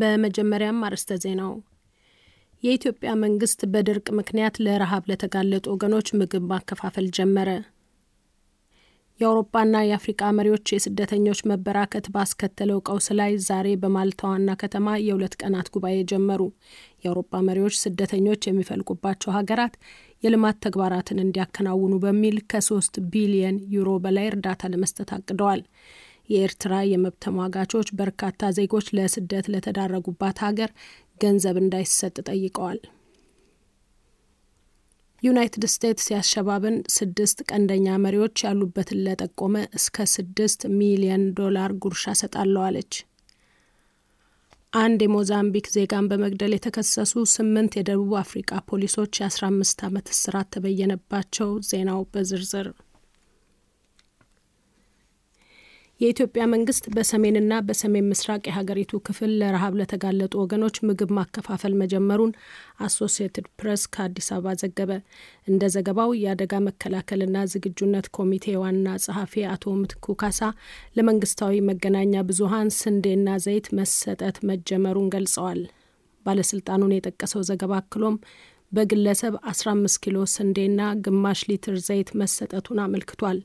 በመጀመሪያም አርዕስተ ዜናው የኢትዮጵያ መንግስት በድርቅ ምክንያት ለረሃብ ለተጋለጡ ወገኖች ምግብ ማከፋፈል ጀመረ። የአውሮፓና የአፍሪቃ መሪዎች የስደተኞች መበራከት ባስከተለው ቀውስ ላይ ዛሬ በማልታ ዋና ከተማ የሁለት ቀናት ጉባኤ ጀመሩ። የአውሮፓ መሪዎች ስደተኞች የሚፈልቁባቸው ሀገራት የልማት ተግባራትን እንዲያከናውኑ በሚል ከሶስት ቢሊየን ዩሮ በላይ እርዳታ ለመስጠት አቅደዋል። የኤርትራ የመብት ተሟጋቾች በርካታ ዜጎች ለስደት ለተዳረጉባት ሀገር ገንዘብ እንዳይሰጥ ጠይቀዋል። ዩናይትድ ስቴትስ የአሸባብን ስድስት ቀንደኛ መሪዎች ያሉበትን ለጠቆመ እስከ ስድስት ሚሊዮን ዶላር ጉርሻ ሰጣለሁ አለች። አንድ የሞዛምቢክ ዜጋን በመግደል የተከሰሱ ስምንት የደቡብ አፍሪቃ ፖሊሶች የአስራ አምስት ዓመት እስራት ተበየነባቸው። ዜናው በዝርዝር የኢትዮጵያ መንግስት በሰሜንና በሰሜን ምስራቅ የሀገሪቱ ክፍል ለረሃብ ለተጋለጡ ወገኖች ምግብ ማከፋፈል መጀመሩን አሶሲየትድ ፕሬስ ከአዲስ አበባ ዘገበ። እንደ ዘገባው የአደጋ መከላከልና ዝግጁነት ኮሚቴ ዋና ጸሐፊ አቶ ምትኩ ካሳ ለመንግስታዊ መገናኛ ብዙሀን ስንዴና ዘይት መሰጠት መጀመሩን ገልጸዋል። ባለስልጣኑን የጠቀሰው ዘገባ አክሎም በግለሰብ 15 ኪሎ ስንዴና ግማሽ ሊትር ዘይት መሰጠቱን አመልክቷል።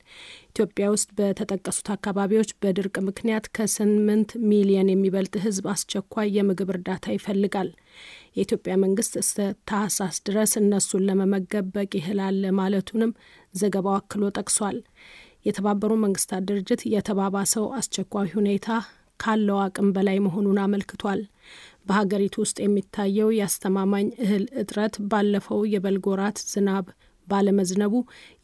ኢትዮጵያ ውስጥ በተጠቀሱት አካባቢዎች በድርቅ ምክንያት ከስምንት ሚሊየን የሚበልጥ ሕዝብ አስቸኳይ የምግብ እርዳታ ይፈልጋል። የኢትዮጵያ መንግስት እስከ ታህሳስ ድረስ እነሱን ለመመገብ በቂ እህል አለ ማለቱንም ዘገባው አክሎ ጠቅሷል። የተባበሩ መንግስታት ድርጅት የተባባሰው አስቸኳይ ሁኔታ ካለው አቅም በላይ መሆኑን አመልክቷል። በሀገሪቱ ውስጥ የሚታየው የአስተማማኝ እህል እጥረት ባለፈው የበልግ ወራት ዝናብ ባለመዝነቡ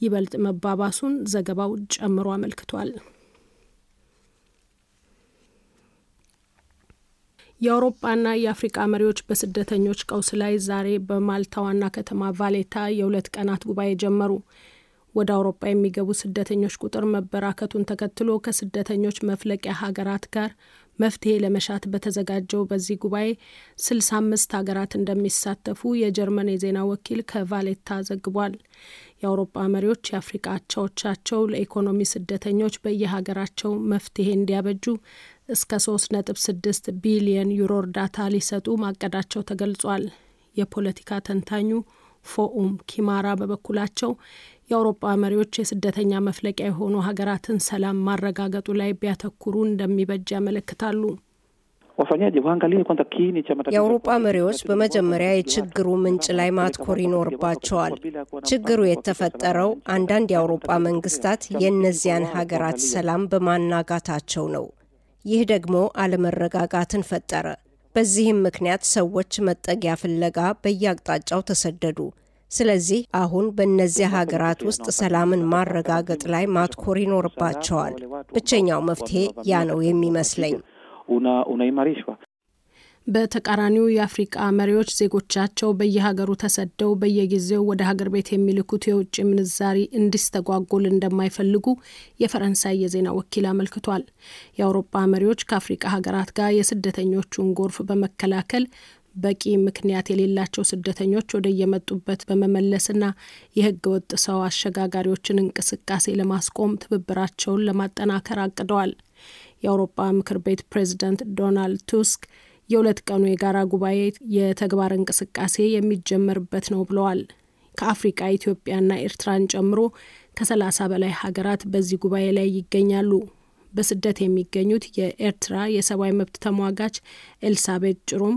ይበልጥ መባባሱን ዘገባው ጨምሮ አመልክቷል። የአውሮፓና የአፍሪቃ መሪዎች በስደተኞች ቀውስ ላይ ዛሬ በማልታ ዋና ከተማ ቫሌታ የሁለት ቀናት ጉባኤ ጀመሩ። ወደ አውሮፓ የሚገቡ ስደተኞች ቁጥር መበራከቱን ተከትሎ ከስደተኞች መፍለቂያ ሀገራት ጋር መፍትሄ ለመሻት በተዘጋጀው በዚህ ጉባኤ ስልሳ አምስት ሀገራት እንደሚሳተፉ የጀርመን የዜና ወኪል ከቫሌታ ዘግቧል። የአውሮፓ መሪዎች የአፍሪቃ አቻዎቻቸው ለኢኮኖሚ ስደተኞች በየሀገራቸው መፍትሄ እንዲያበጁ እስከ ሶስት ነጥብ ስድስት ቢሊየን ዩሮ እርዳታ ሊሰጡ ማቀዳቸው ተገልጿል። የፖለቲካ ተንታኙ ፎኡም ኪማራ በበኩላቸው የአውሮፓ መሪዎች የስደተኛ መፍለቂያ የሆኑ ሀገራትን ሰላም ማረጋገጡ ላይ ቢያተኩሩ እንደሚበጅ ያመለክታሉ። የአውሮፓ መሪዎች በመጀመሪያ የችግሩ ምንጭ ላይ ማትኮር ይኖርባቸዋል። ችግሩ የተፈጠረው አንዳንድ የአውሮፓ መንግስታት የእነዚያን ሀገራት ሰላም በማናጋታቸው ነው። ይህ ደግሞ አለመረጋጋትን ፈጠረ። በዚህም ምክንያት ሰዎች መጠጊያ ፍለጋ በየአቅጣጫው ተሰደዱ። ስለዚህ አሁን በእነዚያ ሀገራት ውስጥ ሰላምን ማረጋገጥ ላይ ማትኮር ይኖርባቸዋል። ብቸኛው መፍትሄ ያ ነው የሚመስለኝ። በተቃራኒው የአፍሪቃ መሪዎች ዜጎቻቸው በየሀገሩ ተሰደው በየጊዜው ወደ ሀገር ቤት የሚልኩት የውጭ ምንዛሪ እንዲስተጓጎል እንደማይፈልጉ የፈረንሳይ የዜና ወኪል አመልክቷል። የአውሮፓ መሪዎች ከአፍሪቃ ሀገራት ጋር የስደተኞቹን ጎርፍ በመከላከል በቂ ምክንያት የሌላቸው ስደተኞች ወደ የመጡበት በመመለስና የህገ ወጥ ሰው አሸጋጋሪዎችን እንቅስቃሴ ለማስቆም ትብብራቸውን ለማጠናከር አቅደዋል። የአውሮፓ ምክር ቤት ፕሬዝዳንት ዶናልድ ቱስክ የሁለት ቀኑ የጋራ ጉባኤ የተግባር እንቅስቃሴ የሚጀመርበት ነው ብለዋል። ከአፍሪቃ ኢትዮጵያና ኤርትራን ጨምሮ ከሰላሳ በላይ ሀገራት በዚህ ጉባኤ ላይ ይገኛሉ። በስደት የሚገኙት የኤርትራ የሰብአዊ መብት ተሟጋች ኤልሳቤት ጭሩም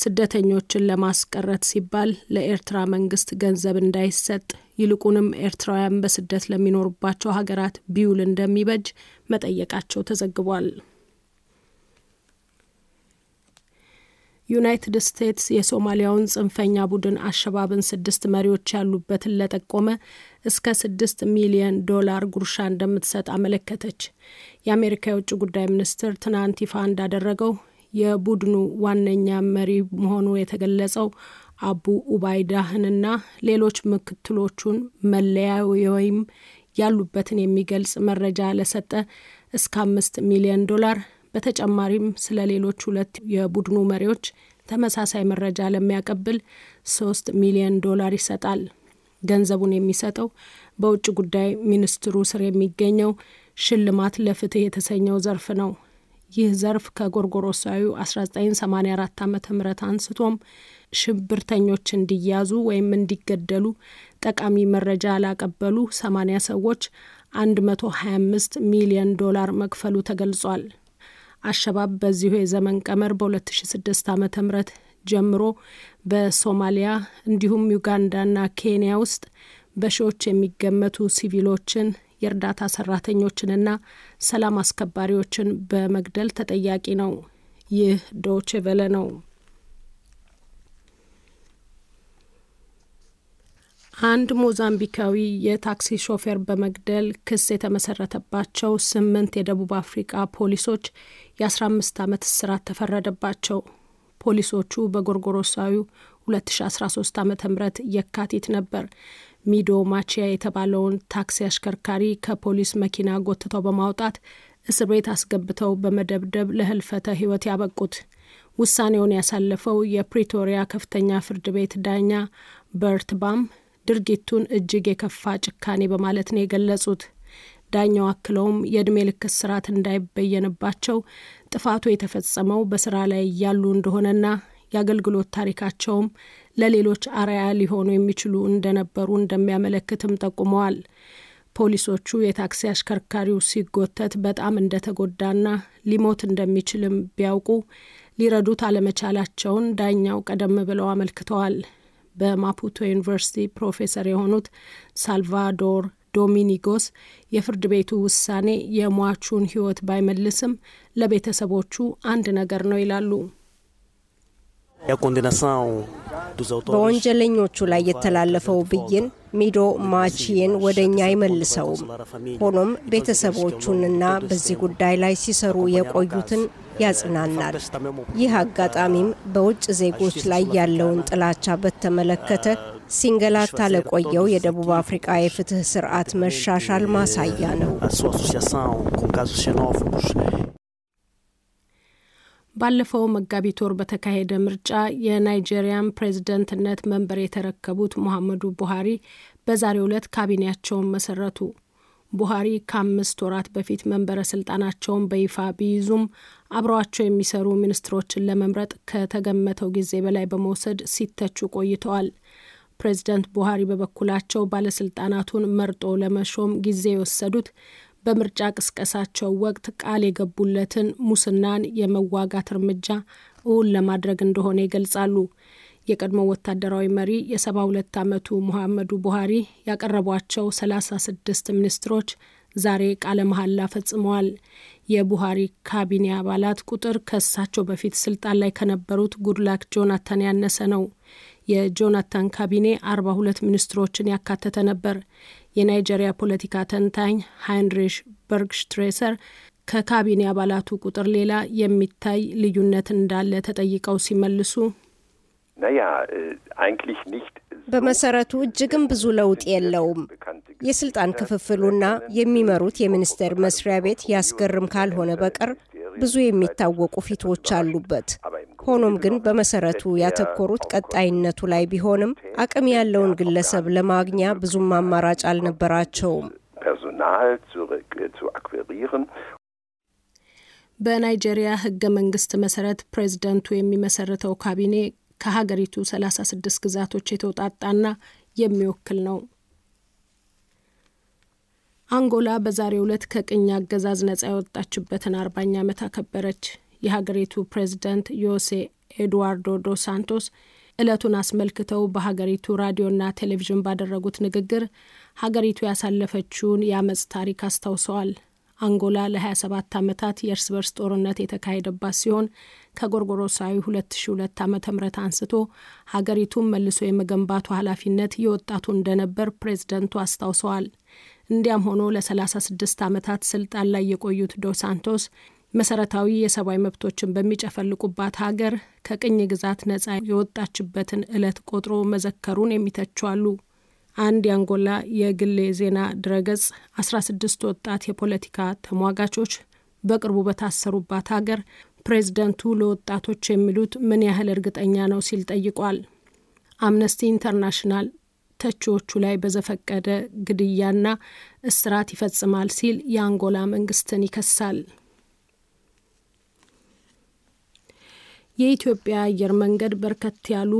ስደተኞችን ለማስቀረት ሲባል ለኤርትራ መንግስት ገንዘብ እንዳይሰጥ ይልቁንም ኤርትራውያን በስደት ለሚኖሩባቸው ሀገራት ቢውል እንደሚበጅ መጠየቃቸው ተዘግቧል። ዩናይትድ ስቴትስ የሶማሊያውን ጽንፈኛ ቡድን አሸባብን ስድስት መሪዎች ያሉበትን ለጠቆመ እስከ ስድስት ሚሊየን ዶላር ጉርሻ እንደምትሰጥ አመለከተች። የአሜሪካ የውጭ ጉዳይ ሚኒስትር ትናንት ይፋ እንዳደረገው የቡድኑ ዋነኛ መሪ መሆኑ የተገለጸው አቡ ኡባይዳህንና ሌሎች ምክትሎቹን መለያ ወይም ያሉበትን የሚገልጽ መረጃ ለሰጠ እስከ አምስት ሚሊዮን ዶላር በተጨማሪም ስለ ሌሎች ሁለት የቡድኑ መሪዎች ተመሳሳይ መረጃ ለሚያቀብል ሶስት ሚሊዮን ዶላር ይሰጣል። ገንዘቡን የሚሰጠው በውጭ ጉዳይ ሚኒስትሩ ስር የሚገኘው ሽልማት ለፍትህ የተሰኘው ዘርፍ ነው። ይህ ዘርፍ ከጎርጎሮሳዊ 1984 ዓ ም አንስቶም ሽብርተኞች እንዲያዙ ወይም እንዲገደሉ ጠቃሚ መረጃ ላቀበሉ 80 ሰዎች 125 ሚሊዮን ዶላር መክፈሉ ተገልጿል። አሸባብ በዚሁ የዘመን ቀመር በ2006 ዓ ም ጀምሮ በሶማሊያ እንዲሁም ዩጋንዳና ኬንያ ውስጥ በሺዎች የሚገመቱ ሲቪሎችን የእርዳታ ሰራተኞችንና ሰላም አስከባሪዎችን በመግደል ተጠያቂ ነው። ይህ ዶቼ ቬለ ነው። አንድ ሞዛምቢካዊ የታክሲ ሾፌር በመግደል ክስ የተመሰረተባቸው ስምንት የደቡብ አፍሪቃ ፖሊሶች የአስራ አምስት ዓመት እስራት ተፈረደባቸው። ፖሊሶቹ በጎርጎሮሳዊው 2013 ዓ ም የካቲት ነበር ሚዶ ማቺያ የተባለውን ታክሲ አሽከርካሪ ከፖሊስ መኪና ጎትተው በማውጣት እስር ቤት አስገብተው በመደብደብ ለህልፈተ ህይወት ያበቁት። ውሳኔውን ያሳለፈው የፕሪቶሪያ ከፍተኛ ፍርድ ቤት ዳኛ በርት ባም ድርጊቱን እጅግ የከፋ ጭካኔ በማለት ነው የገለጹት። ዳኛው አክለውም የእድሜ ልክ እስራት እንዳይበየንባቸው ጥፋቱ የተፈጸመው በስራ ላይ እያሉ እንደሆነና የአገልግሎት ታሪካቸውም ለሌሎች አርያ ሊሆኑ የሚችሉ እንደነበሩ እንደሚያመለክትም ጠቁመዋል። ፖሊሶቹ የታክሲ አሽከርካሪው ሲጎተት በጣም እንደተጎዳና ሊሞት እንደሚችልም ቢያውቁ ሊረዱት አለመቻላቸውን ዳኛው ቀደም ብለው አመልክተዋል። በማፑቶ ዩኒቨርሲቲ ፕሮፌሰር የሆኑት ሳልቫዶር ዶሚኒጎስ የፍርድ ቤቱ ውሳኔ የሟቹን ሕይወት ባይመልስም ለቤተሰቦቹ አንድ ነገር ነው ይላሉ። በወንጀለኞቹ ላይ የተላለፈው ብይን ሚዶ ማቺን ወደ እኛ አይመልሰውም። ሆኖም ቤተሰቦቹንና በዚህ ጉዳይ ላይ ሲሰሩ የቆዩትን ያጽናናል። ይህ አጋጣሚም በውጭ ዜጎች ላይ ያለውን ጥላቻ በተመለከተ ሲንገላታ ለቆየው የደቡብ አፍሪቃ የፍትህ ስርዓት መሻሻል ማሳያ ነው። ባለፈው መጋቢት ወር በተካሄደ ምርጫ የናይጄሪያን ፕሬዝደንትነት መንበር የተረከቡት ሙሐመዱ ቡሃሪ በዛሬው ዕለት ካቢኔያቸውን መሰረቱ። ቡሃሪ ከአምስት ወራት በፊት መንበረ ስልጣናቸውን በይፋ ቢይዙም አብረዋቸው የሚሰሩ ሚኒስትሮችን ለመምረጥ ከተገመተው ጊዜ በላይ በመውሰድ ሲተቹ ቆይተዋል። ፕሬዚደንት ቡሃሪ በበኩላቸው ባለስልጣናቱን መርጦ ለመሾም ጊዜ የወሰዱት በምርጫ ቅስቀሳቸው ወቅት ቃል የገቡለትን ሙስናን የመዋጋት እርምጃ እውን ለማድረግ እንደሆነ ይገልጻሉ። የቀድሞ ወታደራዊ መሪ የሰባ ሁለት ዓመቱ ሙሐመዱ ቡሃሪ ያቀረቧቸው ሰላሳ ስድስት ሚኒስትሮች ዛሬ ቃለ መሐላ ፈጽመዋል። የቡሃሪ ካቢኔ አባላት ቁጥር ከሳቸው በፊት ስልጣን ላይ ከነበሩት ጉድላክ ጆናታን ያነሰ ነው። የጆናታን ካቢኔ አርባ ሁለት ሚኒስትሮችን ያካተተ ነበር። የናይጀሪያ ፖለቲካ ተንታኝ ሃይንሪሽ በርግሽትሬሰር ከካቢኔ አባላቱ ቁጥር ሌላ የሚታይ ልዩነት እንዳለ ተጠይቀው ሲመልሱ äh, በመሰረቱ እጅግም ብዙ ለውጥ የለውም። የስልጣን ክፍፍሉና የሚመሩት የሚኒስቴር መስሪያ ቤት ያስገርም ካልሆነ በቀር ብዙ የሚታወቁ ፊቶች አሉበት። ሆኖም ግን በመሰረቱ ያተኮሩት ቀጣይነቱ ላይ ቢሆንም አቅም ያለውን ግለሰብ ለማግኛ ብዙም አማራጭ አልነበራቸውም። በናይጄሪያ ህገ መንግስት መሰረት ፕሬዝደንቱ የሚመሰርተው ካቢኔ ከሀገሪቱ 36 ግዛቶች የተውጣጣና የሚወክል ነው። አንጎላ በዛሬው ዕለት ከቅኝ አገዛዝ ነጻ የወጣችበትን አርባኛ ዓመት አከበረች። የሀገሪቱ ፕሬዚደንት ዮሴ ኤድዋርዶ ዶ ሳንቶስ ዕለቱን አስመልክተው በሀገሪቱ ራዲዮና ቴሌቪዥን ባደረጉት ንግግር ሀገሪቱ ያሳለፈችውን የአመፅ ታሪክ አስታውሰዋል። አንጎላ ለ27 ዓመታት የእርስ በርስ ጦርነት የተካሄደባት ሲሆን ከጎርጎሮሳዊ 2002 ዓ ም አንስቶ ሀገሪቱን መልሶ የመገንባቱ ኃላፊነት የወጣቱ እንደነበር ፕሬዚደንቱ አስታውሰዋል። እንዲያም ሆኖ ለ36 ዓመታት ስልጣን ላይ የቆዩት ዶ ሳንቶስ መሰረታዊ የሰብአዊ መብቶችን በሚጨፈልቁባት ሀገር ከቅኝ ግዛት ነጻ የወጣችበትን ዕለት ቆጥሮ መዘከሩን የሚተቹ አሉ። አንድ የአንጎላ የግሌ ዜና ድረገጽ 16 ወጣት የፖለቲካ ተሟጋቾች በቅርቡ በታሰሩባት ሀገር ፕሬዝደንቱ ለወጣቶች የሚሉት ምን ያህል እርግጠኛ ነው ሲል ጠይቋል። አምነስቲ ኢንተርናሽናል ተቺዎቹ ላይ በዘፈቀደ ግድያና እስራት ይፈጽማል ሲል የአንጎላ መንግስትን ይከሳል። የኢትዮጵያ አየር መንገድ በርከት ያሉ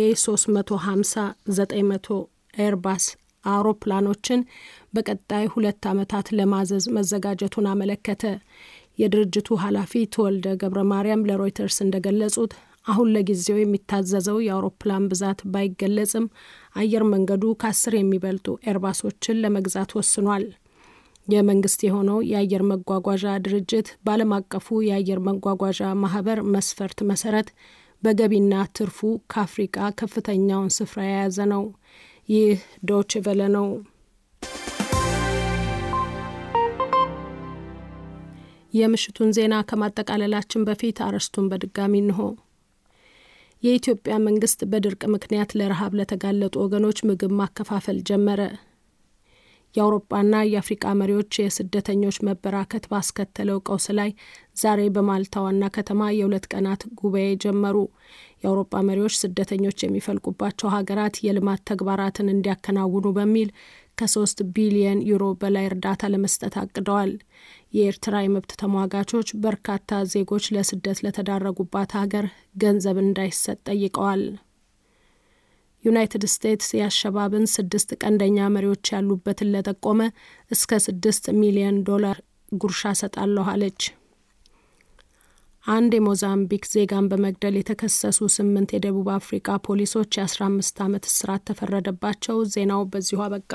ኤ 350 900 ኤርባስ አውሮፕላኖችን በቀጣይ ሁለት ዓመታት ለማዘዝ መዘጋጀቱን አመለከተ። የድርጅቱ ኃላፊ ተወልደ ገብረ ማርያም ለሮይተርስ እንደገለጹት አሁን ለጊዜው የሚታዘዘው የአውሮፕላን ብዛት ባይገለጽም አየር መንገዱ ከአስር የሚበልጡ ኤርባሶችን ለመግዛት ወስኗል። የመንግስት የሆነው የአየር መጓጓዣ ድርጅት በዓለም አቀፉ የአየር መጓጓዣ ማህበር መስፈርት መሰረት በገቢና ትርፉ ከአፍሪቃ ከፍተኛውን ስፍራ የያዘ ነው። ይህ ዶች ቨለ ነው። የምሽቱን ዜና ከማጠቃለላችን በፊት አርዕስቱን በድጋሚ እንሆ የኢትዮጵያ መንግስት በድርቅ ምክንያት ለረሃብ ለተጋለጡ ወገኖች ምግብ ማከፋፈል ጀመረ። የአውሮፓና የአፍሪቃ መሪዎች የስደተኞች መበራከት ባስከተለው ቀውስ ላይ ዛሬ በማልታ ዋና ከተማ የሁለት ቀናት ጉባኤ ጀመሩ። የአውሮፓ መሪዎች ስደተኞች የሚፈልቁባቸው ሀገራት የልማት ተግባራትን እንዲያከናውኑ በሚል ከሶስት ቢሊየን ዩሮ በላይ እርዳታ ለመስጠት አቅደዋል። የኤርትራ የመብት ተሟጋቾች በርካታ ዜጎች ለስደት ለተዳረጉባት ሀገር ገንዘብ እንዳይሰጥ ጠይቀዋል። ዩናይትድ ስቴትስ የአሸባብን ስድስት ቀንደኛ መሪዎች ያሉበትን ለጠቆመ እስከ ስድስት ሚሊዮን ዶላር ጉርሻ ሰጣለሁ አለች። አንድ የሞዛምቢክ ዜጋን በመግደል የተከሰሱ ስምንት የደቡብ አፍሪካ ፖሊሶች የአስራ አምስት ዓመት እስራት ተፈረደባቸው። ዜናው በዚሁ አበቃ።